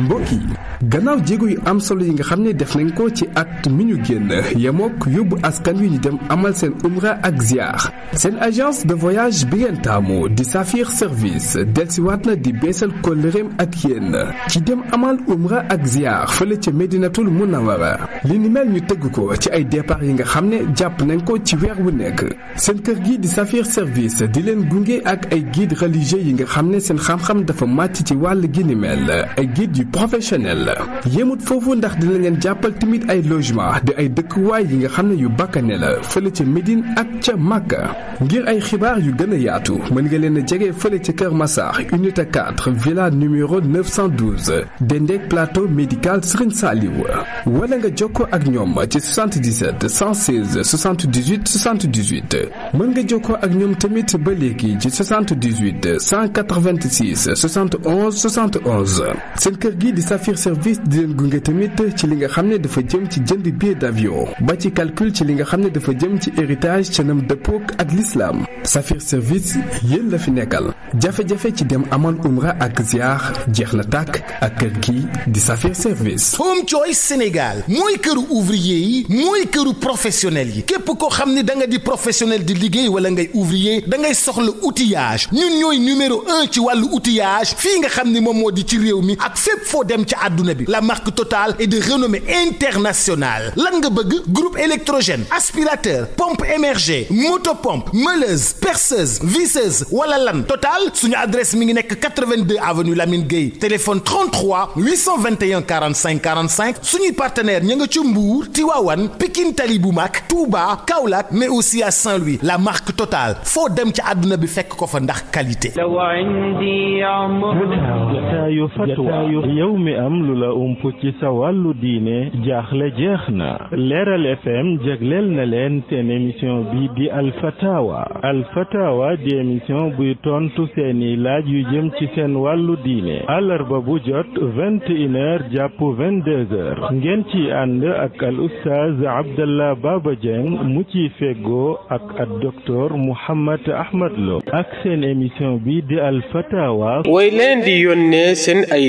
mbokk yi gannaaw jéego yu am solo yi nga xam ne def nañ ko ci at mi ñu génn yemook yóbbu askan wi ñu dem amal seen umra ak ziar seen agence de voyage bi ngeen taamu di safiir service delsiwaat na di beesal kóllëreem ak yéen ci dem amal umra ak ziar fële ca Medinatul Munawara li ni mel ñu tëgg ko ci ay départ yi nga xam ne jàpp nañ ko ci weer wu nekk seen kër gi di Safir service di leen gunge ak ay guide religieux yi nga xam ne seen xam-xam dafa màcc ci wàll gi ni mel ay professionnel yéemut foofu ndax dina leen jàppal tamit ay logement di ay dëkkuwaay yi nga xam ne yu bakkane la fële ca Médine ak ca Màkka ngir ay xibaar yu gën a yaatu mën nga leen a jege fële ca Kër Massar unité 4 villa numéro 912 Dendek plateau médical Serigne Saliou wala nga jokkoo ak ñoom ci 77 116 78 78 mën nga jokkoo ak ñoom tamit ba léegi ci 78 186 71 71 seen kër gi di Saphir Service di leen gunge tamit ci li nga xam ne dafa jëm ci jënd billet d'avion ba ci calcul ci li nga xam ne dafa jëm ci héritage ca nam dëppoog ak l'islam Saphir Service yéen la fi nekkal jafe-jafe ci dem amal umra ak ziar jeex na tàkk ak kër gi di Saphir Service. Home Choice Sénégal mooy këru ouvrier yi mooy këru professionnel yi képp koo xam ne da nga di professionnel di liggéey wala ngay ouvrier dangay soxla outillage ñun ñooy numéro un ci wàllu outillage fii nga xam ni moom moo di ci réew mi ak fépp foo dem ci adduna bi la marque Total est de renommée internationale lan nga bëgg groupe électrogène aspirateur pompe émergée motopompe meuleuse perceuse visseuse wala lan Total suñu adresse mi ngi nekk 82 avenue Lamine Gueye téléphone 33 821 45 45 suñuy partenaire ña nga ci Mbour Tivaouane Pikine Tali bu mag Touba Kaolack mais aussi à Saint-Louis la marque Total foo dem ci adduna bi fekk ko fa ndax qualité yow mi am lu la ump ci sa wàllu diine jaaxle jeex na leeral fm jegleel na leen seen émission bi di alfatawa alfatawa di émission buy tontu seeni laaj yu jëm ci seen wàllu diine àllarba bu jot vingt et une heures jàpp ngeen ci ànd ak al ustaaz abdallah baaba dieng mu ci feggoo ak ak docteur mouhammad ahmad lo ak seen émission bi di alfatawa way leen di yónnee seen ay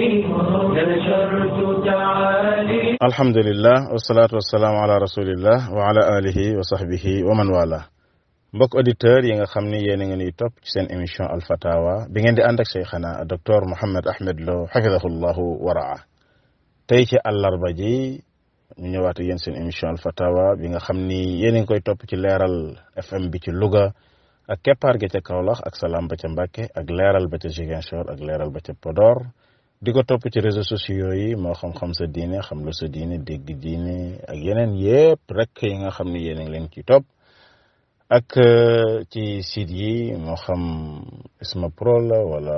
alhamdulilah wasalaatu wasalaamu ala rasulillah wa ala alihi wa sahbihi wa man wala mbokk auditeurs yi nga xam ni yéen a ngi nuy topp ci seen émission alfatawa bi ngeen di ànd ak cheikhana docteur Mouhamed Ahmed Lo xafidahullahu waraa tey ci àllarba ji ñu ñëwaat yéen seen émission alfatawa bi nga xam ni yéen a ngi koy topp ci leeral fm bi ci Louga ak keppaar ga ca Kaolack ak salaam ba ca Mbàkke ak leeral ba ca Ziguinchor ak leeral ba ca Podor di ko topp ci réseaux sociaux yi moo xam-xam sa diine xam lu sa diine dégg diine ak yeneen yëpp rek yi nga xam ni yéen a ngi leen ci topp ak euh, ci site yi moo xam Isma Pro la wala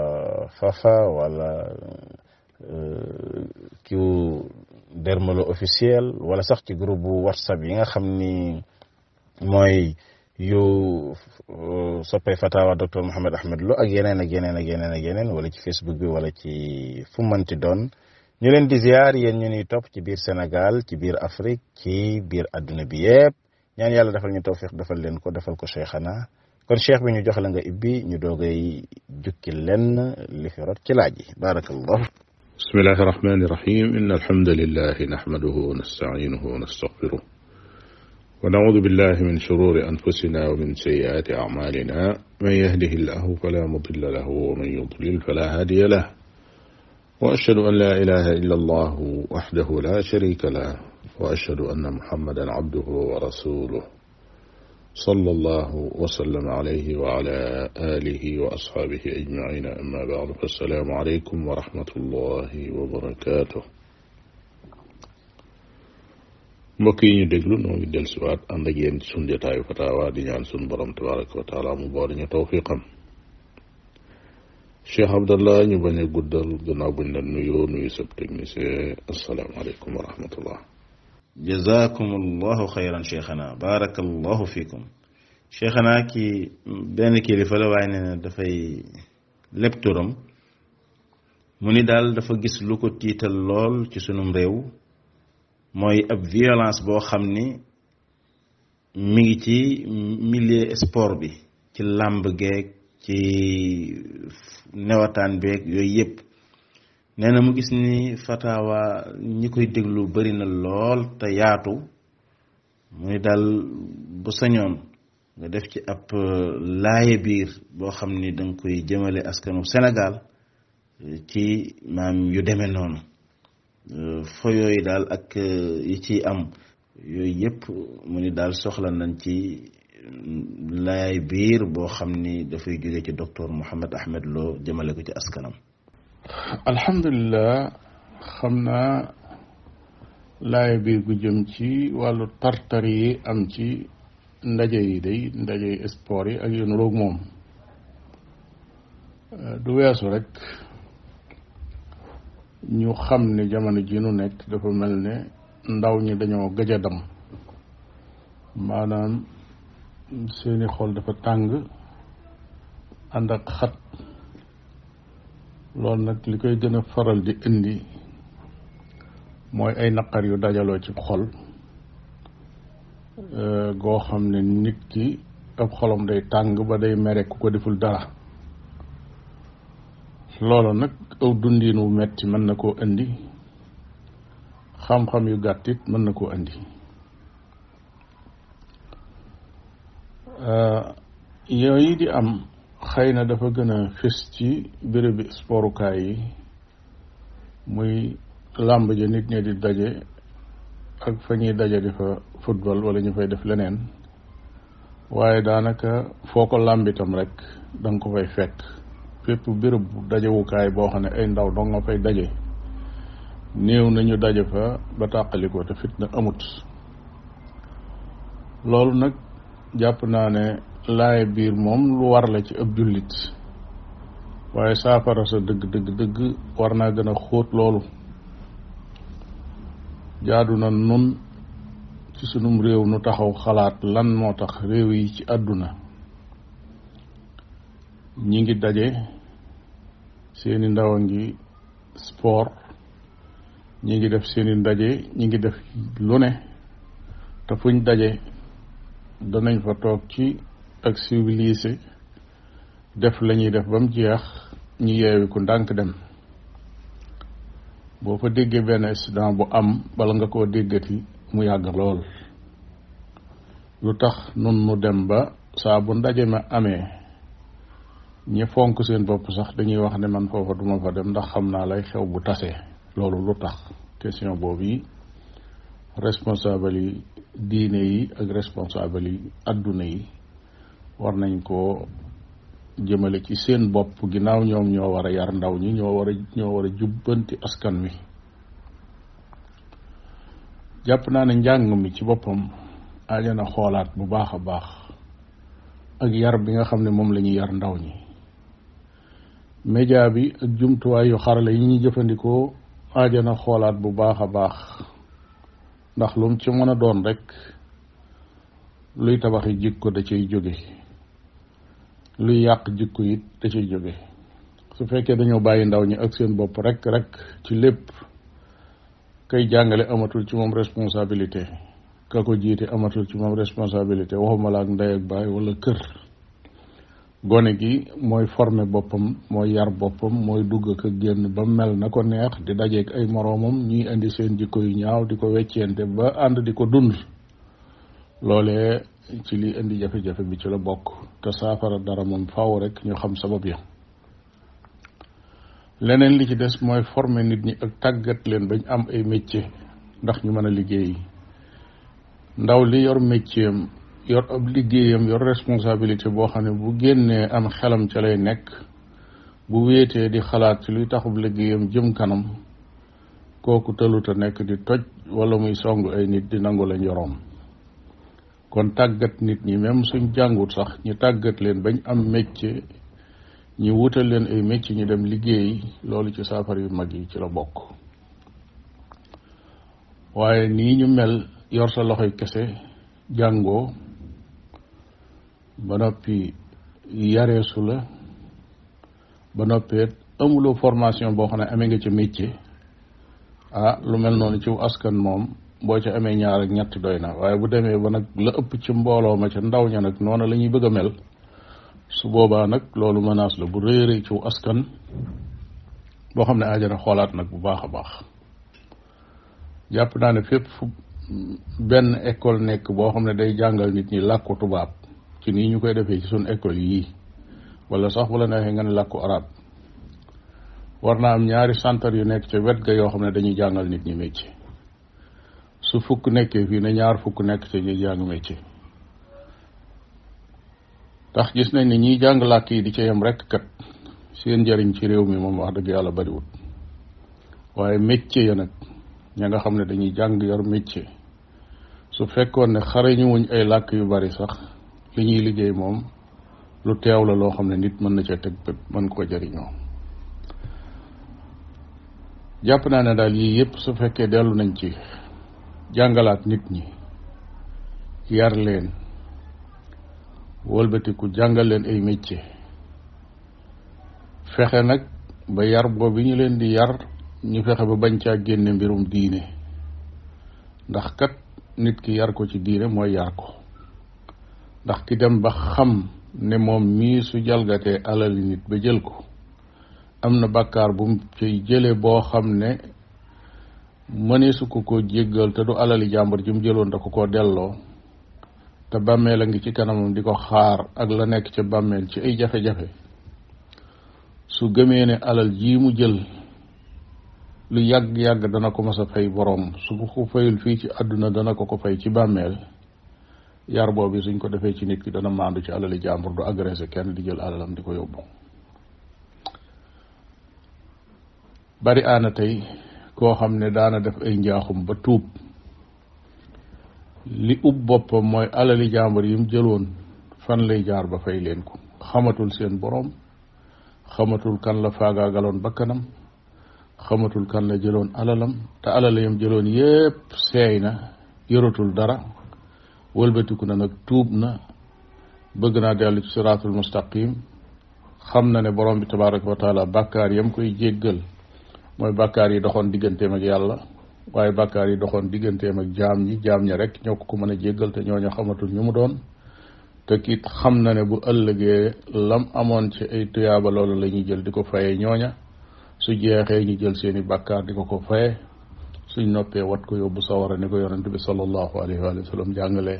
Fafa wala kiw euh, dermalo officiel wala sax ci groupe bu WhatsApp yi nga xam ni mooy yu uh, soppay fatawa docteur Mouhamed Ahmed Lo ak yeneen ak yeneen ak yeneen wala ci Facebook bi wala ci fu mënti doon ñu leen di ziar yéen ñu ñuy topp ci biir Sénégal ci biir Afrique ci biir adduna bi yëpp ñaan yàlla defal ñu tawfiq defal leen ko defal ko cheikhana kon cheikh bi ñu jox la nga ibbi ñu doogay jukki lenn li fi rot ci laaj yi barakallah bismillahi rahmani rahim inna alhamdulillahi nahmaduhu wa nasta'inuhu ونعوذ بالله من شرور أنفسنا ومن سيئات أعمالنا من يهده الله فلا مضل له ومن يضلل فلا هادي له وأشهد أن لا إله إلا الله وحده لا شريك له وأشهد أن محمدا عبده ورسوله صلى الله وسلم عليه وعلى آله وأصحابه أجمعين أما بعد فالسلام عليكم ورحمة الله وبركاته mbokk yi ñu déglu noo ngi del siwaat ànd ak yéen suñ jotaayu di ñaan suñ borom tabaraka wa mu boole ñu tawfiqam cheikh abdallah ñu bañ guddal gannaaw buñ la nuyoo nuyu sab technicien asalaamaaleykum wa rahmatullah jazakum allahu xayran cheikhana baraka allahu fikum cheikhana benn kilifa la waaye nee na dafay lépp mu ni daal dafa gis lu ko tiital lool ci sunum réew mooy ab violence boo xam ni mi ngi ci milieu sport bi ci làmb geeg ci newataan beeg yooyu yëpp nee na mu gis ni fatawa ñi koy déglu bari na lool te yaatu mu ni daal bu sañoon nga def ci ab euh, laaye biir boo xam ni danga koy jëmale askanu Sénégal ci maam yu demee noonu fo yooyu daal ak euh, yi ci am yooyu yëpp mu ni daal soxla nañ ci laay biir boo xam ni dafay jóge ci docteur Mouhamed Ahmed Lo jëmale ko ci askanam alhamdulilah xam naa laay biir gu ci wàllu tartar yi am ci ndaje yi day ndaje sport yi ak yu moom euh, du weesu rekk ñu xam ne jamono ji nu nekk dafa mel ne ndaw ñi dañoo gëj a dam maanaam seeni xol dafa tàng ànd ak xat loolu nag li koy gën a faral di indi mooy ay naqar yu dajaloo ci xol euh, goo xam ne nit ki ab xolam day tàng ba day mere ku ko deful dara loolu nag aw dundiin wu metti mën na koo indi xam-xam yu gàttit mën na koo indi euh, yooyu di am xëy na dafa gën a fis ci bérébi sporukaay yi muy làmb ja nit ñi di daje ak fa ñuy daje di fa football wala ñu fay def leneen waaye daanaka foo ko làmbitam rek danga ko fay fekk bépp béréb bu dajewukaay boo xam ne ay ndaw dong nga fay daje néew nañu daje fa ba tàqalikoo te fitna amut loolu nag jàpp naa ne laay biir moom lu war la ci ab jullit waaye saafara sa dëgg dëgg dëgg war naa gën a xóot loolu jaadu na nun ci sunum réew nu taxaw xalaat lan moo tax réew yi ci àdduna ñi ngi daje seeni ndaw a ngi sport ñi ngi def seeni ndaje ñi ngi def lu ne te fuñ daje danañ fa toog ci ak civilisé def la ñuy def ba mu jeex ñu yeewi ku ndànk dem boo fa déggee benn accident bu am bala nga koo déggati mu yàgg lool lu tax nun nu dem ba saa bu ndaje ma amee ñi fonk seen bopp sax dañuy wax ne man foofa duma fa dem ndax xam naa lay xew bu tasee loolu lu tax question boobu yi responsable yi diine yi ak responsable yi adduna yi war nañ ko jëmale ci seen bopp ginnaaw ñoom ñoo war a yar ndaw ñi ñoo war a ñoo war a jubbanti askan wi jàpp naa ne njàng mi ci boppam aaja na xoolaat bu baax a baax ak yar bi nga xam ne moom la yar ndaw ñi média bi ak jumtuwaay yu xarala yi ñuy jëfandikoo aajana xoolaat bu baax a baax ndax lum ci mën a doon rek luy tabaxi ko da cay jóge luy yàq jikko it da cay jóge su fekkee dañoo bàyyi ndaw ñi ak seen bopp rek rek ci lépp kay jàngale amatul ci moom responsabilité ka ko jiite amatul ci moom responsabilité waxuma la ak ndey ak bàyyi walla kër gone gi mooy former boppam mooy yar boppam mooy dugg ak génn ba mel na ko neex di dajeek ay moroomam ñuy indi seen jikko yu ñaaw di ko weccente ba ànd di ko dund loolee ci li indi jafe-jafe bi ci la bokk te saafara dara moom faaw rek ñu xam sabab ya leneen li ci des mooy former nit ñi ak tàggat leen bañ am ay métier ndax ñu mën a liggéey ndaw li yor métier yor ab liggéeyam yor responsabilité boo xam ne bu génnee am xelam ca lay nekk bu wéetee di xalaat ci luy taxub liggéeyam jëm kanam kooku tëluta nekk di toj walla muy song ay nit di nangu la yoroom kon tàggat nit ñi même suñ jàngut sax ñu tàggat leen bañ am métier ñu wutal leen ay métier ñu dem liggéey loolu ci saafara yu mag yi ci la bokk waaye nii ñu mel yor sa loxoy kese jàngoo ba noppi yareesu la ba noppi amuloo formation boo xam ne amee nga ci métier ah lu mel noonu ci askan moom boo ci amee ñaar ak ñett doy na waaye bu demee ba nag la ëpp ci mbooloo ma ca ndaw ña nag noonu la ñuy bëgg a mel su boobaa nag loolu menace la bu réeré ci askan boo xam ne ajara xoolaat nag bu baax a baax jàpp naa ne fépp fu benn école nekk boo xam ne day jàngal nit ñi làkku tubaab ci nii ñu koy defee ci suñ école yii wala sax bu la neexee nga ne làkku arab war naa am ñaari santar yu nekk ca wet ga yoo xam ne dañuy jàngal nit ñi métier su fukk nekkee fii ne ñaar fukk nekk ca ñuy jàng métier ndax gis nañ ne ñiy jàng làkk yi di ca yam rek kat seen njariñ ci réew mi moom wax dëgg yàlla bariwul waaye métier ya nag ña nga xam ne dañuy jàng yor métier su fekkoon ne xarañu wuñ ay làkk yu bari sax li ñuy liggéey moom lu teew la loo xam ne nit mën na ca teg bët mën koo jariñoo jàpp naa ne daal yii yépp su fekkee dellu nañ ci jàngalaat nit ñi yar leen wëlbatiku jàngal leen ay métier fexe nag ba yar boobu ñu leen di yar ñu fexe ba bañ caa génne mbirum diine ndax kat nit ki yar ko ci diine mooy yar ko ndax ki dem ba xam ne moom mii su jalgatee alali nit ba jël ko am na bàkkaar bu mu ciy jële boo xam ne mëneesu ko ko jéggal te du alali jàmbur ji mu jëloon da ko ko delloo te bàmmeel a ngi ci kanamam di ko xaar ak la nekk ca bàmmeel ci ay jafe-jafe su gëmee ne alal jii mu jël lu yàgg-yàgg dana ko mas a fay boroom su ko ko fayul fii ci àdduna dana ko ko fay ci bàmmeel yar boobu suñ ko defee ci nit ki dana maandu ci alali jàmbur du agressé kenn di jël alalam di ko yóbbu bari aana tey koo xam ne daana def ay njaaxum ba tuub li ub boppam mooy alali jàmbur yi mu jëloon fan lay jaar ba fay leen ko xamatul seen boroom xamatul kan la faagaagaloon bakkanam xamatul kan la jëloon alalam te alal yim jëloon yépp seey na yoratul dara wëlbatiku na nag tuub na bëgg naa dellu ci siraatul mustaqim xam na ne borom bi tabaraka wa taala bàkkaar yam koy jéggal mooy bàkkaar yi doxoon digganteem ak yàlla waaye bàkkaar yi doxoon digganteem ak jaam ñi jaam ñi rek ñoo ko ko mën a jéggal te ñooñu xamatul ñu mu doon te kiit xam na ne bu ëllëgee lam amoon ci ay tuyaaba loolu la ñuy jël di ko faye ñooña su jeexee ñu jël seeni bàkkaar di ko ko faye suñ noppee wat ko yóbbu sawara ni ko yonent bi sallallahu alayhi wa sallam jàngalee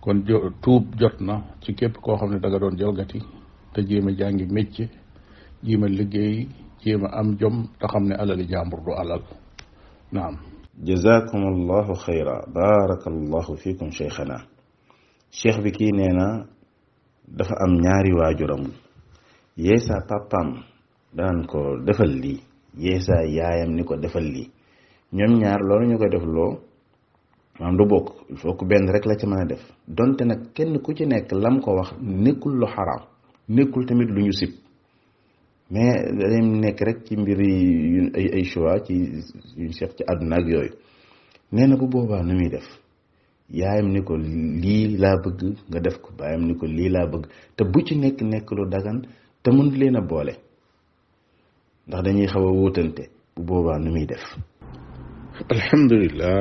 kon tuub jot na ci képp koo xam ne danga doon jalgati te jéem a jàngi métier jéem liggéey jéem a am jom te xam ne alali jàmbur du alal naam jazakum allahu xayra baarakallahu fikum cheikhana cheikh bi kii nee na dafa am ñaari waajuram yee sa papaam daan ko defal lii saa yaayam ni ko defal lii ñoom ñaar loolu ñu ko def loo maanaam du bokk il faut benn rek la ci mën a def donte nag kenn ku ci nekk lam ko wax nekkul lu xaraam nekkul tamit lu ñu sib mais dañ nekk rek ci mbir yu ay ay choix ci yuñ ci àdduna ak yooyu nee na bu boobaa nu muy def yaayam ni ko lii laa bëgg nga def ko baayam ni ko lii laa bëgg te bu ci nekk nekk lu dagan te mënut leen a boole. ndax dañuy xaw a wóotante bu boobaa nu muy def alhamdulilah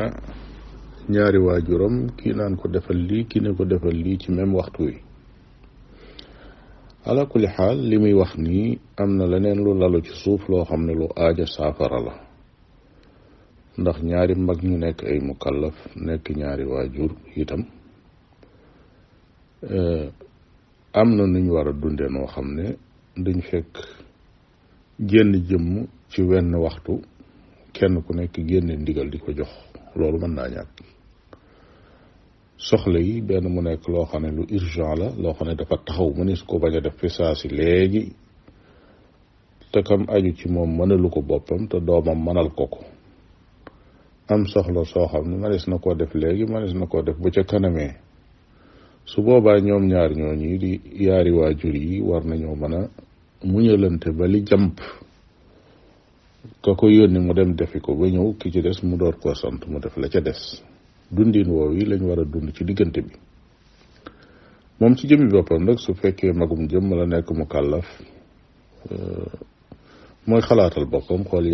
ñaari waajuram kii naan ko defal lii kii ne ko defal lii ci même waxtu wi ala kulli xaal li muy wax nii am na leneen lu lalu ci suuf loo xam ne lu aaja saafara la ndax ñaari mag ñu nekk ay mukallaf nekk ñaari waajur itam eh, am na nuñ war a dunde noo xam ne duñ fekk génn jëmm ci wenn waxtu kenn ku nekk génne ndigal di ko jox loolu mën naa ñàkk soxla yi benn mu nekk loo xam ne lu urgent la loo xam ne dafa taxaw mënees ko bañ a def fi saa si léegi te kam aju ci moom mënalu ko boppam te doomam mënal ko ko am soxla soo xam ne mënees na koo def léegi mënees na koo def bu ca kanamee su boobaa ñoom ñaar ñooñu di yaari waajur yi war nañoo mën a muñalante ba li jàmp ka ko yónni mu dem defi ko ba ñëw ki ci des mu door koo sant mu def la ca des dundin woow yi lañ war a dund ci diggante bi moom ci jëmmi boppam nag su fekkee magum jëm la nekk mu kàllaf euh, mooy xalaatal boppam xool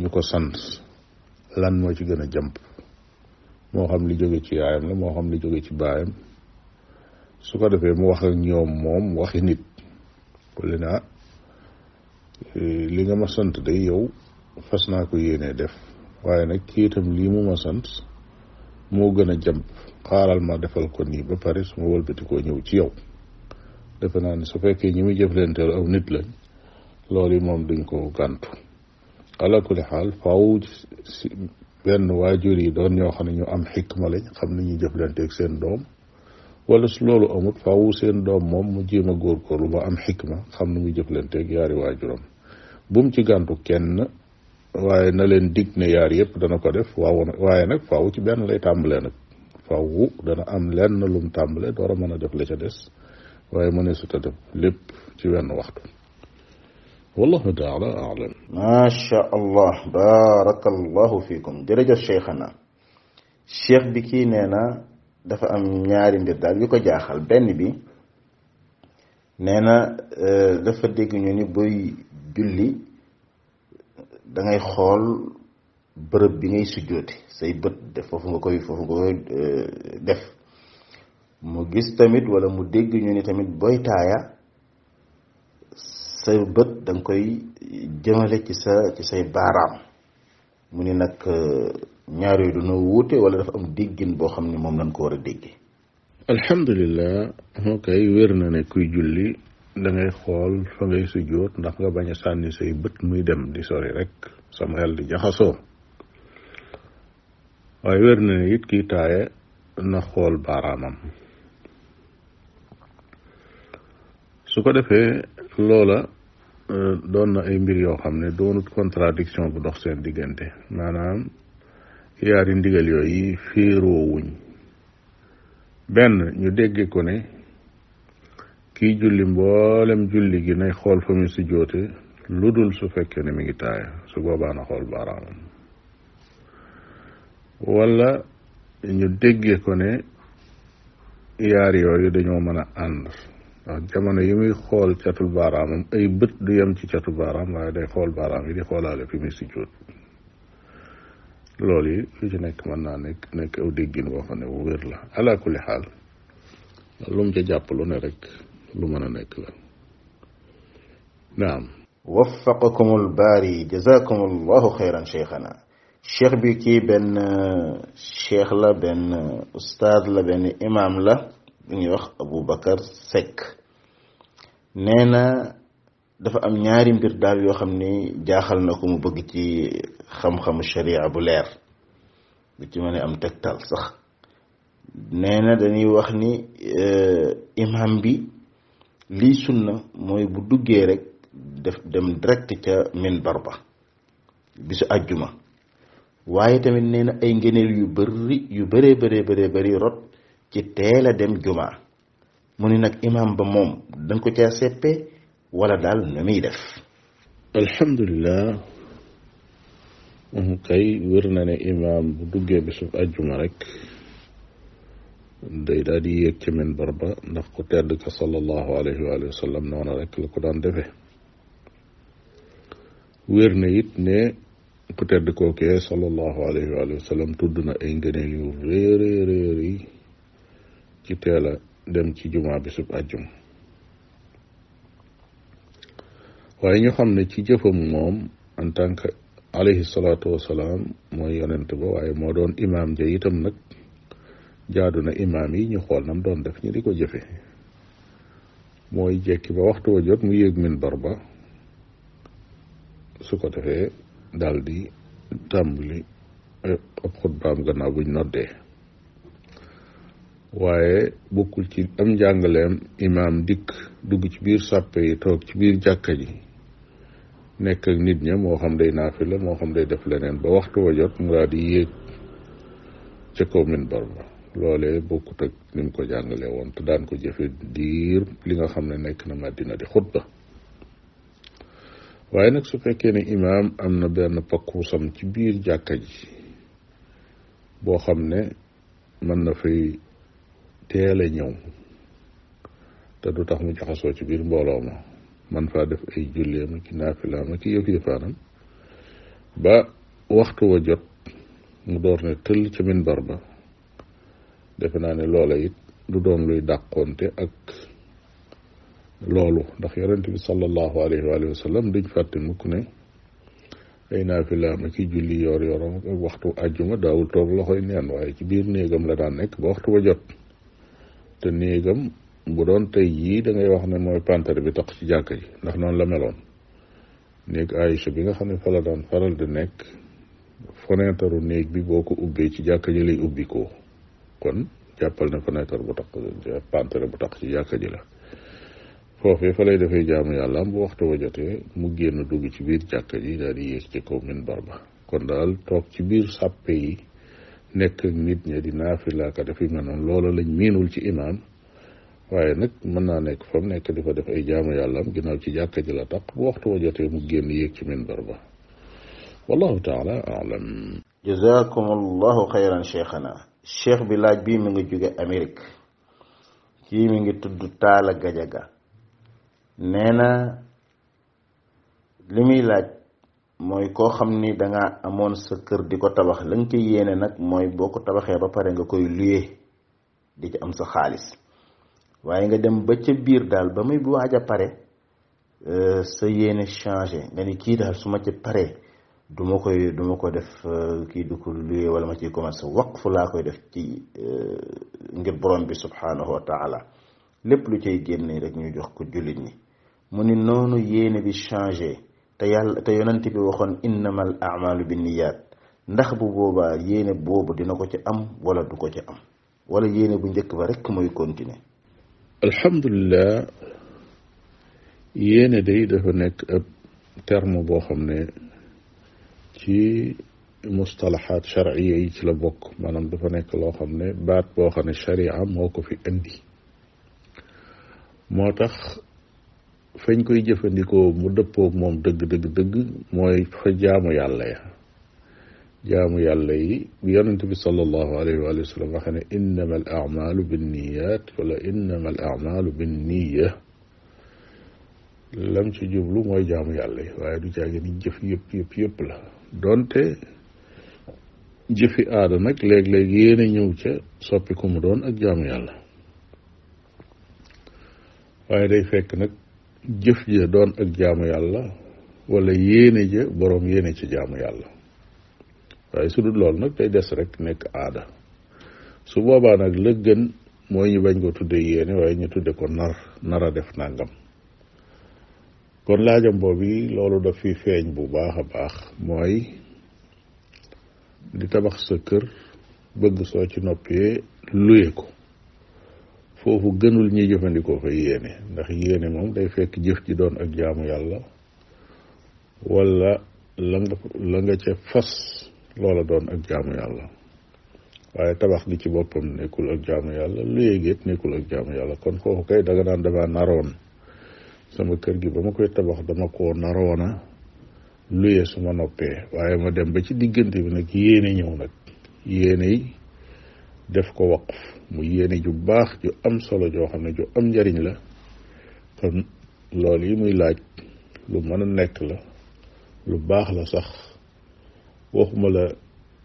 ñu ko sant lan moo ci gën a jàmp moo xam li jóge ci yaayam la moo xam li jóge ci baayam su ko defee mu wax ak ñoom moom waxi nit wala naa eh, li nga ma sant day yow fas naa ko yéene def waaye nag kiitam lii mu ma sant moo gën a jàmp xaaral ma defal ko nii ba pare su ma wëlbatikoo ñëw ci yow defe naa ne su fekkee ñi muy jëflanteel aw nit lañ loolu moom duñ ko gàntu ala kulli xaal faaw si benn waajur yi doon ñoo xam ne ñu am xikma lañ xam ni ñuy jëflanteeg seen doom wala su loolu amul faaw seen doom moom mu jéem a góorgóorlu ba am xikma xam nu muy jëflanteeg yaari waajuram bu mu ci gàntu kenn waaye na leen dig ne yaar yëpp dana ko def waaw waaye nag faaw ci benn lay tàmbalee nag faaw dana am lenn lu mu tàmbalee door a mën a def la ca des waaye mëneesut a def lépp ci wenn waxtu wallahu taala alam macha allah barakallahu fikum jërëjëf cheikhana cheikh bi kii dafa am ñaari mbir daal yu ko jaaxal benn bi nee na euh, dafa dégg ñu ni booy julli dangay xool bërëb bi ngay sujjóoti say bët foofu nga koy foofu nga koy euh, def mu gis tamit walla mu dégg ñu ni tamit booy taaya say bët danga koy jëmale ci sa ci say baaraam mu ni nag euh, ñaar yooyu dañoo wuute wala dafa am déggin boo xam ne moom lañ ko war a déggee. alhamdulilah ok wér na ne kuy julli da ngay xool fa ngay sujjóot ndax nga bañ a sànni say bët muy dem di sori rek sama xel di jaxasoo waaye wér na ne it kiy taaye na xool baaraamam su ko defee loola euh, doon na ay mbir yoo xam ne doonut contradiction bu dox seen diggante maanaam. yaari ndigal yooyu féeroowuñ benn ñu dégge ko ne kiy julli mboolem julli gi nay xool fa mu si joote lu dul su fekkee ne mi ngi taaya su boobaa xool baaraamam wala ñu déggee ko ne yaar yooyu dañoo mën a ànd ndax jamono yi muy xool catul baaraamam ay bët du yem ci catu baaraam waaye day xool baaraam yi di xoolaale fi muy si loolu yi lu ci nekk mën naa nekk nekk aw déggin ne wu wér la ala kulli xaal lu mën a nekk la naam waffaqakum albaari jazakum allahu xayran cheikhana cheikh bi kii benn cheikh la benn ustaad la benn imaam la bu ñuy wax Aboubacar Seck nee dafa am ñaari mbir daal yoo xam ni jaaxal na ko mu bëgg ci xam-xamu sharia bu leer bu ci mën a am tegtal sax nee na dañuy wax ni euh, imam bi lii sunna mooy bu duggee rek def dem direct ca minbar ba bisu àjjuma waaye tamit nee na ay ngëneel yu bëri yu bëree bëree bëree rot ci teel dem jumaa mu ni nag imam ba moom dañ ko caa seppee wala daal na muy def. wér na ne imaam bu duggee bisub ajjuma rek day daal di yéeg ci minbar ba ndax ku tedd ka sallallahu alayhi wa sallam noonu rek la ko daan defee wér na it ne ku tedd kookee sallallahu alayhi wa tudd na ay ngëneel yu réeréeréer yi ci teel a dem ci jumaa bisub ajjuma. waaye ñu xam ne ci jëfam moom en tant que alayhi salaatu wasalaam mooy yonent ba waaye moo doon imaam ja itam nag jaadu na imaam yi ñu xool nam doon def ñu di ko jëfe mooy jekki ba waxtu wa jot mu yéeg minbar ba su ko defee daal di ab xutbaam gannaaw buñ noddee waaye bokkul ci am njàngaleem imaam dikk dugg ci biir sàppe yi toog ci biir jàkka ji nekk ak nit ña moo xam day naafi moo xam day def leneen ba waxtu wa jot mu daal di yéeg ca kaw minbar loole loolee bokkut ak ni ko jàngale woon te daan ko jëfe diir li nga xam ne nekk na Madina di xutba waaye nag su fekkee ne imaam am na benn pakkuusam ci biir jàkka ji boo xam ne mën na fay teel a ñëw te du tax mu jaxasoo ci biir mbooloo ma man faa def ay julleema ci ma ci yëf yëfaanam ba waxtu wa jot mu door ne tëll ca minbar defe naa ne loola it du doon luy dàqonte ak loolu ndax yonent bi sallallahu alayhi wa dañ duñ fàtte mukk ne ay naafilaama ci julli yoor yooram ak waxtu àjjuma daawul toog loxoy neen waaye ci biir néegam la daan nekk ba waxtu wa jot te néegam bu doon tey yii dangay wax ne mooy pantere bi toq ci jàkka ji ndax noonu la meloon néeg Aïcha bi nga xam ne fa la daan faral di nekk fenêtre néeg bi boo ko ubbee ci jàkka ji lay ubbi kon jàppal ne fenêtre bu taq bu taq ci jàkka ji la foofee fa lay defee jaamu yàlla am bu waxtu wa jotee mu génn dugg ci biir jàkka ji daal di yéeg ci kaw minbar ba kon daal toog ci biir sàppe yi nekk ak nit ñi di naafila ka dafi mel loolo loola lañ miinul ci imaam waaye nag mën naa nekk fa mu nekk di fa def ay jaamu yàlla am ginnaaw ci jàkka ji la taq bu waxtu wa jotee mu génn yéeg ci minbar ba wallahu taala alam jazakum allahu xayran cheikhana bi laaj bii mi ngi jóge amerig kii mi ngi tudd Taala Gajaga nee na li muy laaj mooy koo xam ni danga amoon sa kër di ko tabax lañ nga yéene nag mooy boo ko tabaxee ba pare nga koy luye di ci am sa xaalis waaye nga dem ba ca biir daal ba muy bu a pare euh, sa yéene changé nga ni kii daal su ma ca paree du ma koy du ma ko def euh, kii du ko luye wala ma ciy commencé fu laa koy def ci euh, ngir borom bi subhanahu wa lépp lu cay génne rek ñu jox ko jullit ñi mu ni noonu yéene bi changé te yàlla te yonent bi waxoon innamal amalu bi niyaat ndax bu boobaa yéene boobu dina ko ci am wala du ko ci am wala yéene bu njëkk ba rek mooy continuer alhamdulilah yéene day dafa nekk ab terme boo xam ne ci mustalaxaat sharciya yi ci la bokk maanaam dafa nekk loo xam ne baat boo xam ne sharia moo ko fi indi moo tax fañ koy jëfandikoo mu dëppoog moom dëgg dëgg dëgg mooy fa jaamu yàlla ya jaamu yàlla yi bi yonente bi sallallahu alayhi wa sallam waxe ne innama al amalu binniyat wala innama al amalu lam ci jublu mooy jaamu yàlla yi waaye du caagi jëf yëpp yëpp yëpp la donte jëfi aada nag léeg-léeg yéene ñëw ca soppi ku mu doon ak jaamu yàlla waaye day fekk nag jëf ja doon ak jaamu yàlla wala yéene ja boroom yéene ca jaamu yàlla waaye su dul loolu nag tey des rekk nekk aada su boobaa nag la gën mooy ñu bañ koo tudde yéene waaye ñu tudde ko nar nar def nangam kon laajam boobu loolu daf fi feeñ bu baax a baax mooy di tabax sa kër bëgg soo ci noppee luye ko foofu gënul ñuy jëfandikoo fa yéene ndax yéene moom day fekk jëf ji doon ak jaamu yàlla wala la la nga ca fas loola doon ak jaamu yàlla waaye tabax gi ci boppam nekkul ak jaamu yàlla lu yéeg nekkul ak jaamu yàlla kon kooku kay danga naan dama naroon sama kër gi ba ma koy tabax dama koo naroona luye su ma noppee waaye ma dem ba ci diggante bi nag yéene ñëw nag yéene def ko waqf mu yéene ju baax ju am solo joo xam ne ju am njariñ la kon loolu yi muy laaj lu mën a nekk la lu baax la sax waxuma la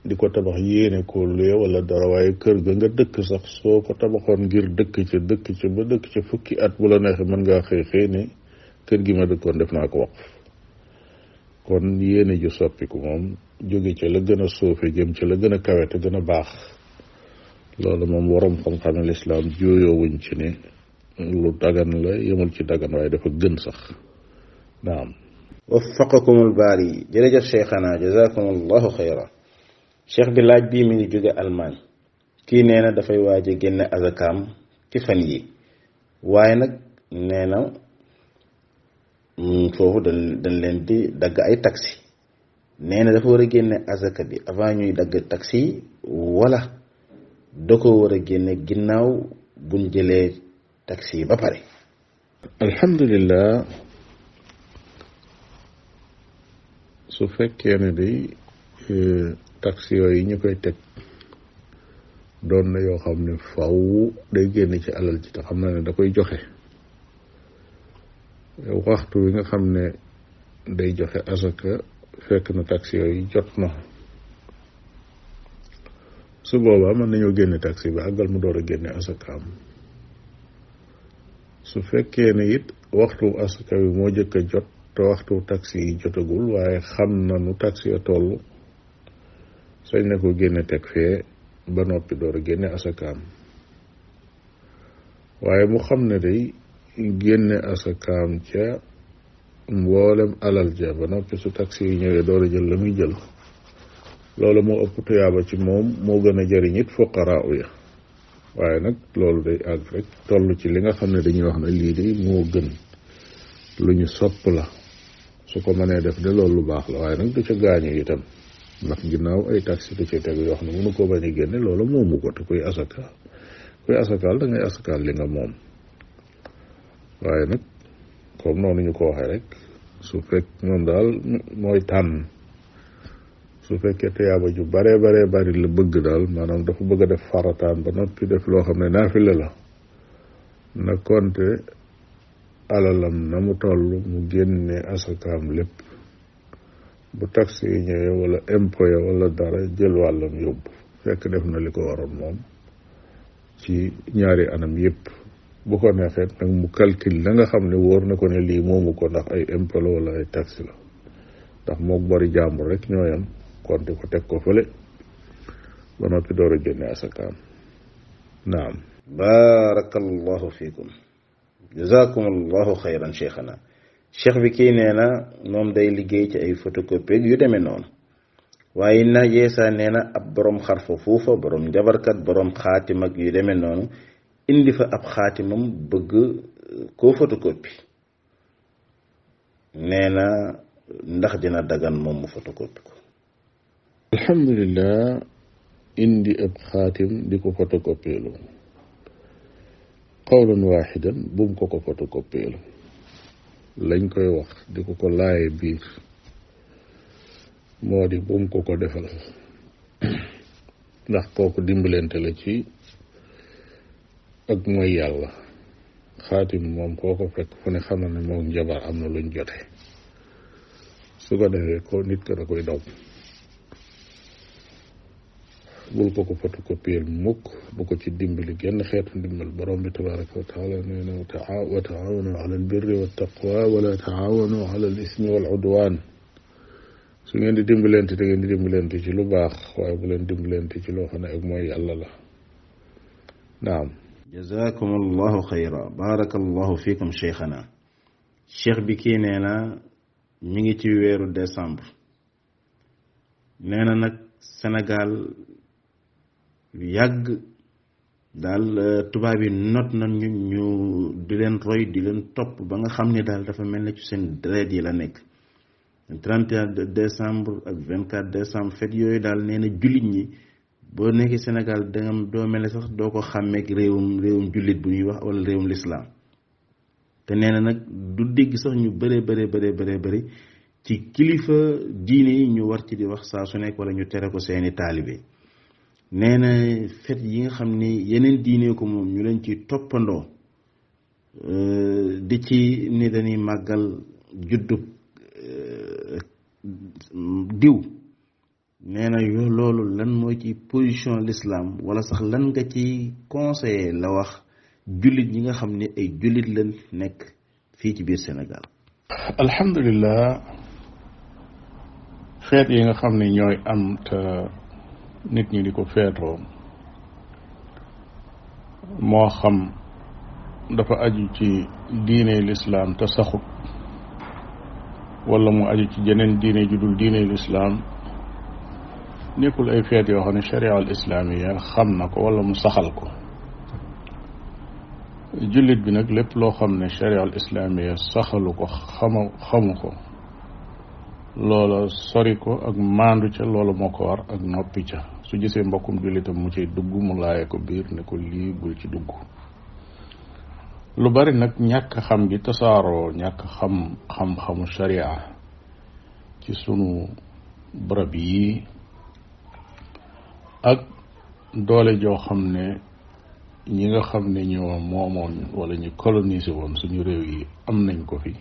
di ko tabax yéene ko luye wala dara waaye kër ga nga dëkk sax soo ko tabaxoon ngir dëkk ca dëkk ca ba dëkk ca fukki at bu la neexee mën ngaa xëy xëy ne kër gi ma dëkkoon def naa ko waqf kon yéene ju soppiku moom jóge ca la gën a suufe jëm ca la gën a kawe te gën a baax loolu moom waroom xam-xame lislaam jooyoo wuñ ci ne lu dagan la yemul ci dagan waaye dafa gën sax naam waffaqakumul baari jërëjëf cheikhana jazakumullahu xayra cheikh bi laaj bii mi ngi jóge Allemagne kii nee na dafay waaje a génne azakaam ci fan yi waaye nag nee na mm, foofu dañ leen di dagg ay taksi nee na dafa war a génne azaka bi avant ñuy dagg taxi yi wala da ko war a génne ginnaaw buñ jëlee taxi yi ba pare alhamdulillah su fekkee ne day e, taxe yi ñu koy teg doon na yoo xam ne faw day génn ci alal ji te xam na ne da koy joxe waxtu wi nga xam ne day joxe asaka fekk na taxe yi jot na su boobaa mën nañoo génne taxe bi àggal mu door a génne asakaam su fekkee ne it waxtu asaka bi moo jëkk jot te waxtu taxi yi jotagul waaye xam na nu taxi ya toll sañ na ko génne teg fee ba noppi door a génne asakaam waaye mu xam ne day génne asakaam ca mboolem alal ja ba noppi su taxi yi ñëwee door a jël la muy jël loolu moo ëpp tuyaaba ci moom moo gën a jëriñ it fuqaraa ya waaye nag loolu day àgg rek toll ci li nga xam ne dañuy wax ne lii de moo gën lu ñu sopp la su ko mënee def de loolu lu baax la waaye nag du ca gaañu itam ndax ginnaaw ay taxi da cee teg yoo xam ne mënu ko bañ a génne loolu moomu ko te kuy asakaal kuy asakaal da ngay asakaal li nga moom waaye nag comme noonu ñu ko waxee rek su fekk moom daal mooy tànn su fekkee tiyaaba ju bare bare bari la bëgg daal maanaam dafa bëgga def farataan ba noppi def loo xam ne naafile la na konte alalam na mu toll mu génne asakaam lépp bu taxe yi ñëwee wala impôt ya wala dara jël wàllam yóbbu fekk def na li ko waroon moom ci ñaari anam yépp bu ko neexee nag mu calcul la nga xam ne wóor na ko ne lii moomu ko ndax ay impôt la wala ay taxe la ndax mook bari jàmbur rek ñooyam konte ko teg ko fële ba noppi door a génne asakaam naam barakallahu fiikum jazakumullahu xayran cheikhana cheikh bi kii nee na moom day liggéey ci ay photocopie yu deme noonu waaye na jeesa nee na ab borom xarfa fuufa borom njabarkat borom xaatim ak yu demee noonu indi fa ab xaatimam bëgg eh, koo photocopie nee na ndax dina dagan moom mu photocopie ko alhamdulillah indi ab xaatim di ko photocopie lu qawlan waaxidan bum ko ko photocopie lañ koy wax di ko ko laaye biir moo di bum ko ko defal ndax kooku dimbalante la ci ak mooy yàlla xaatim moom koo ko fekk fu ne xamal ne moom njabar am na luñ jote su ko defee ko nit ko da koy daw bul ko ko photocopie mukk bu ko ci dimbali genn xeetu ndimbal borom bi tabaraka wa taala nee na wa taawanu ala albirri wa taqwa wala taawanu ala al ismi wal udwan su ngeen di dimbalante da ngeen di dimbalante ci lu baax waaye bu leen dimbalante ci loo xam ne ak mooy yàlla la naam jazakum allahu xayra barakallahu fikum cheikhana cheikh bi kii nee na mi ngi ci weeru décembre nee na nag Sénégal yu yàgg daal euh, tubaab yi not nañ ñu ñu di leen roy di leen topp ba nga xam ne daal dafa mel ne ci seen deret yi la nekk 31 décembre ak 24 décembre fête yooyu daal nee na jullit ñi boo nekkee senegal danga doo mel ne sax doo ko xàmmeek réewum réewum jullit bu ñuy wax wala réewum lislaam te nee na nag du dégg sax ñu bëree bëree bëree bëree bëri ci kilifa diine yi ñu war ci di wax saa su nekk walla ñu tere ko seeni taalibe nee na fet yi nga xam ne yeneen diine ko moom ñu leen ci toppandoo di ci ni dañuy màggal juddu diw nee na loolu lan mooy ci position lislaam wala sax lan nga ci conseiller la wax jullit yi nga xam ni ay jullit lañ nekk fii ci biir Sénégal alhamdulilah xeet yi nga xam ne ñooy am nit ñi di ko feetoo moo xam dafa aju ci diine lislaam te saxut wala mu aju ci jeneen diine ju dul diine lislaam nekkul ay feet yoo xam ne sharia al islaamiya xam na ko wala mu saxal ko jullit bi nag lépp loo xam ne sharia al islaamiya saxalu ko xama xamu ko loola sori ko ak maandu ca loola moo ko war ak noppi ca su gisee mbokkum jullitam mu cay dugg mu laaye ko biir ne ko lii bul ci dugg lu bari nag ñàkk xam gi tasaaroo ñàkk xam xam-xamu sharia ci sunu barab yi ak doole joo xam ne ñi nga xam ne ñoo moomoon wala ñu coloniser woon suñu réew yi am nañ ko fi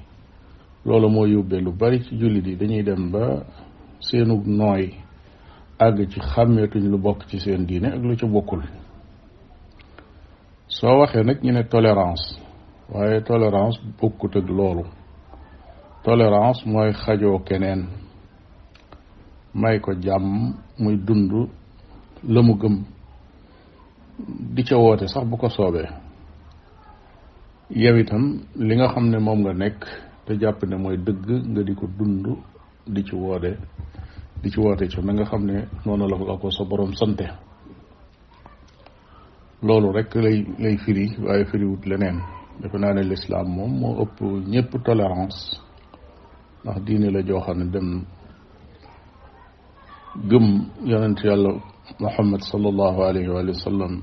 loolu moo yóbbee lu bari ci jullit yi dañuy dem ba seenug nooy àgg ci xàmmeetuñ lu bokk ci seen diine ak lu ca bokkul soo waxee nag ñu ne tolérance waaye tolérance bokkut ak loolu tolérance mooy xajoo keneen may ko jàmm muy dund la mu gëm di ca woote sax bu ko soobee yow itam li nga xam ne moom nga nekk te jàpp ne mooy dëgg nga di ko dund di ci woote di ci woote ci na nga xam ne noonu la la ko sa boroom sante loolu rek lay lay firi waaye firiwut leneen defe naa ne lislaam moom moo ëpp ñëpp tolérance ndax diine la joo xam ne dem gëm yonent yàlla muhammad sallallahu alayhi wa sallam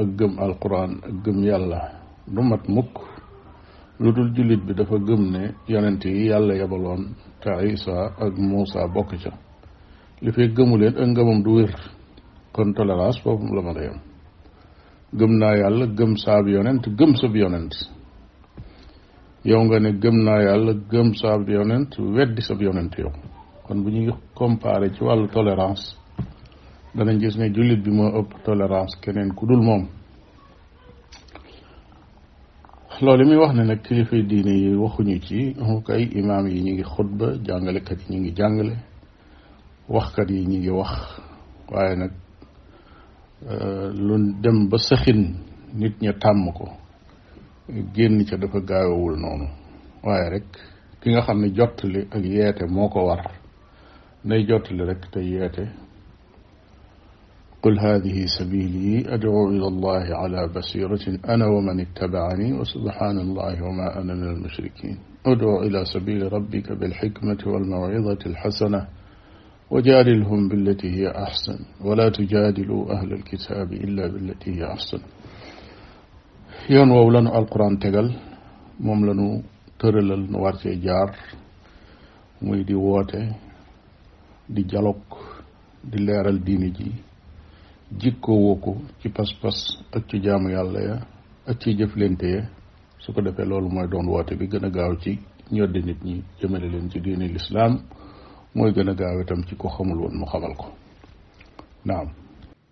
ak gëm alquran ak gëm yàlla du mat mukk lu dul jullit bi dafa gëm ne yonent yi yàlla yebaloon te isa ak muusa bokk ca li fee gëmu leen ak ngëmam du wér kon tolérance foofu la mën a gëm naa yàlla gëm saab yonent gëm sab yonent yow nga ne gëm naa yàlla gëm saab yonent weddi sab yonent yow kon bu ñu ñuy comparé ci wàllu tolérance danañ gis ne jullit bi moo ëpp tolérance keneen ku dul moom loolu muy wax ne nag kilifa diine yi waxuñu ci kay imaam yi ñu ngi xutba jàngalekat yi ñu ngi jàngale waxkat yi ñu ngi wax waaye nag eh, lu dem ba saxin nit ña tàmm ko génn ca dafa gaawawul noonu waaye rek ki nga xam ne jottali ak yeete moo ko war nay jottali rek te yeete qul hadihi sabili ad'u ila allahi ala basiratin ana wa man ittaba'ani wa subhana allahi ana min almushrikin ad'u ila sabili rabbika bilhikmati walmaw'izati alhasana وجادلهم بالتي هي أحسن ولا تجادلوا أهل الكتاب إلا بالتي هي أحسن yoon woowu lanu alquran tegal moom lanu tëralal nu war jaar muy di woote di dialogue di leeral diini ji jikkoo ko ci pas-pas ak ci jaamu yàlla ya ak ci jëflante ya su ko defee loolu mooy doon woote bi gën a gaaw ci ñoddi nit ñi jëmale leen ci diini lislaam mooy gën a gaaw itam ci ko xamul woon mu xamal ko naam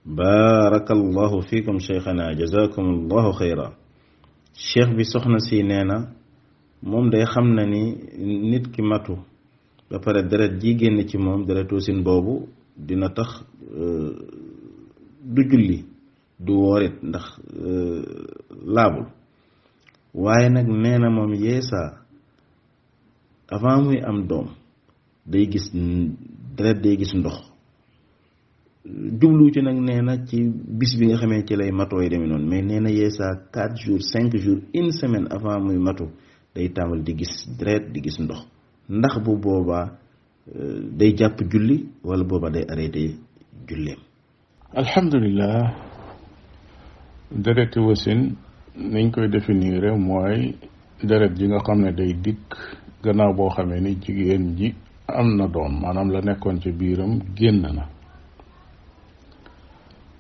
baarakallahu fiikum cheikhana jazakum allahu xayra cheikh bi soxna si nee na moom day xam na ni nit ki matu ba pare deret ji génn ci moom deretu sin boobu dina tax euh, du julli du woorit ndax euh, laabul waaye nag nee na moom yeesaa avant muy am doom day gis deret day gis ndox jublu ci nag nee na ci bis bi nga xamee ci lay mato yi demee noonu mais nee na yeesaa quatre jours cinq jours une semaine avant muy mato day tàmbali di gis deret di gis ndox ndax bu boobaa euh, day jàpp julli wala boobaa day arrêté julleem alhamdulilah dereti wasin niñ koy définir mooy deret ji nga xam ne day dikk gannaaw boo xamee ni jigéen ji am na doom maanaam la nekkoon ci biiram génn na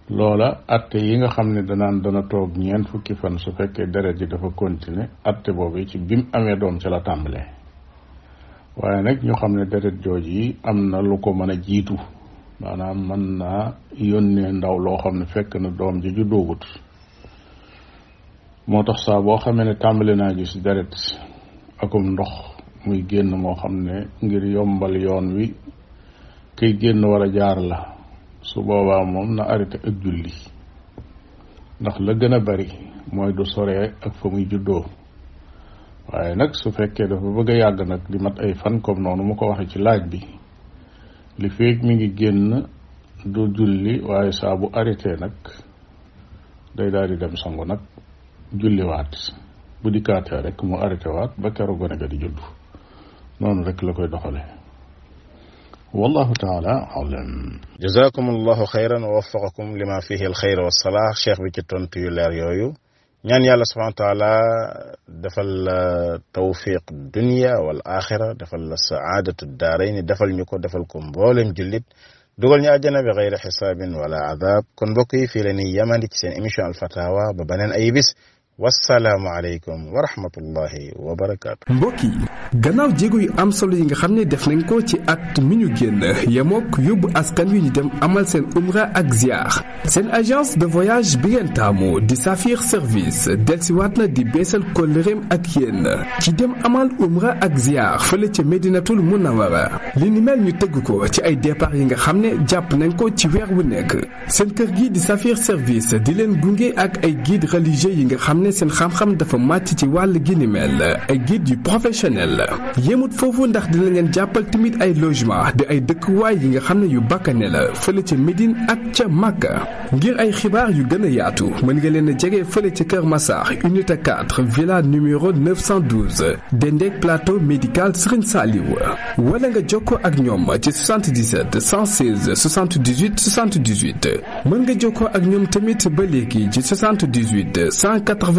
loola atte yi nga xam ne danaan dana toog ñeent fukki fan su fekkee deret yi dafa continuer atte boobu ci bim amee doom ci la tàmbalee waaye nag ñu xam ne deret jooj yi am na lu ko mën a jiitu maanaam mën naa yónnee ndaw loo xam ne fekk na doom ji ju doogut moo tax saa boo xamee ne tàmbali naa gis deret akum ndox muy génn moo xam ne ngir yombal yoon wi kay génn war a jaar la su boobaa moom na arrêté ak julli ndax la gën a bari mooy du soree ak fa muy juddoo waaye nag su fekkee dafa bëgg a yàgg nag di mat ay fan comme noonu mu ko waxee ci laaj bi li feeg mu ngi génn du julli waaye saa bu arrêté nag day daal di dem sangu nag julliwaat bu dikkaatee rek mu arrêté waat ba keroog gone ga di juddu noonu rek la koy doxale wallahu taala alam jazakum allahu xayran wa waffaqakum lima fihi alxayr wa salah cheikh bi ci tontu yu leer yooyu ñaan yàlla subhanahu wa taala defal la tawfiq dunia wal axira defal la saadatu daarayni defal ñu ko defal ko mboolem jullit dugal ñu àjjana bi xayri xisaabin wala adab kon mbokk yi fii la ni yamandi ci seen émission alfatawa ba baneen ay wasalaamualeykum wa rahmatullahi wa barakaatu. mbokk yi gannaaw jéego yu am solo yi nga xam ne def nañ ko ci at mi ñu génn yemook yóbbu askan wi ñu dem amal seen umra ak ziar seen agence de voyage bi ngeen taamu di Safir service delsiwaat na di beesal kóllëreem ak yéen ci dem amal umra ak ziar fële ca Medinatul Munawara li ni mel ñu tëgg ko ci ay départ yi nga xam ne jàpp nañ ko ci weer wu nekk seen kër gi di Safir service di leen gunge ak ay guide religieux yi nga xam ne ne seen xam-xam dafa màcc ci wàll gi ni mel ay guide yu professionnel yéemut foofu ndax dina leen jàppal tamit ay logement di ay dëkkuwaay yi nga xam ne yu bakkane la fële ca Médine ak ca Màkka ngir ay xibaar yu gën a yaatu mën nga leen a jege fële ca Kër Massar unité 4 villa numéro de dendeek plateau médical Serigne Saliou wala nga jokkoo ak ñoom ci 77 116 78 78 mën nga jokkoo ak ñoom tamit ba léegi ci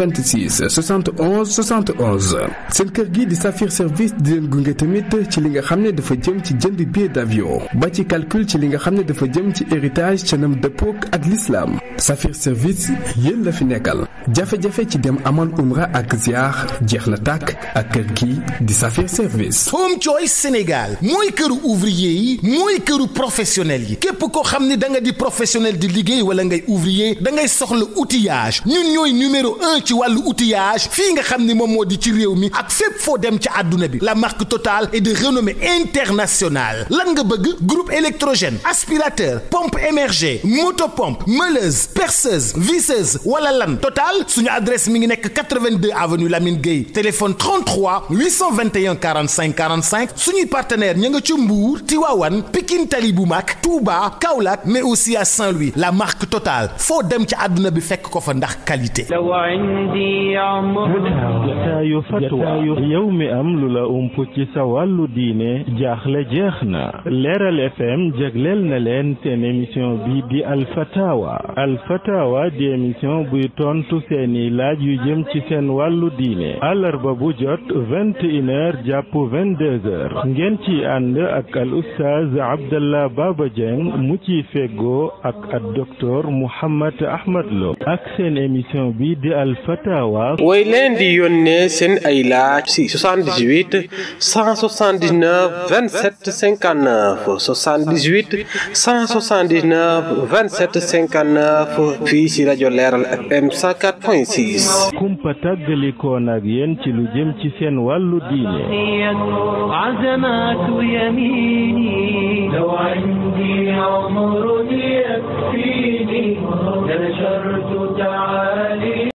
126 71 71 seen kër gi di Saphir service di leen gunge tamit ci li nga xam ne dafa jëm ci jënd billet d'avion ba ci calcul ci li nga xam ne dafa jëm ci héritage canam dëppook ak l'islam Saphir service yéen la fi nekkal jafe-jafe ci dem amal umra ak ziar jeex na tàkk ak kër gi di Saphir service. Home Choice Sénégal mooy këru ouvrier yi mooy këru professionnel yi képp koo xam ne da nga di professionnel di liggéey wala ngay ouvrier dangay soxla outillage ñun ñooy numéro ci wàllu outillage fii nga xam ni moom moo di ci réew mi ak fépp foo dem ci àdduna bi la marque Total est de renommée internationale lan nga bëgg groupe électrogène aspirateur pompe émergée motopompe meuleuse perceuse visseuse wala lan Total suñu adresse mi ngi nekk 82 avenue Lamine Gueye téléphone 33 821 45 45 suñuy partenaire ña nga ci Mbour ti Pikine Tali bu mag Touba Kaolack mais aussi à saint la marque Total foo dem ci àdduna bi fekk ko fa ndax qualité jataayu fatwa yow mi am lu la ump ci sa wàllu diine jaaxle jeex na leeral fm jagleel na leen seen émission bi di alfatawa alfatawa di émission buy tontu seeni laaj yu jëm ci seen wàllu diine àllarba bu jot vingt et une heures jàpp ngeen ci ànd ak al ustaaz abdallah baaba dieng mu ci feggoo ak ak docteur mouhammad ahmad lo bi di fatawa way leen di yónnee seen ay laaj si 78 179 27 59 78 179 27 59 fii si rajo Leeral FM 104.6. kumpa tàggalikoon ak yéen ci lu jëm ci seen wàllu diine. عمر يكفيني نشرت تعاليم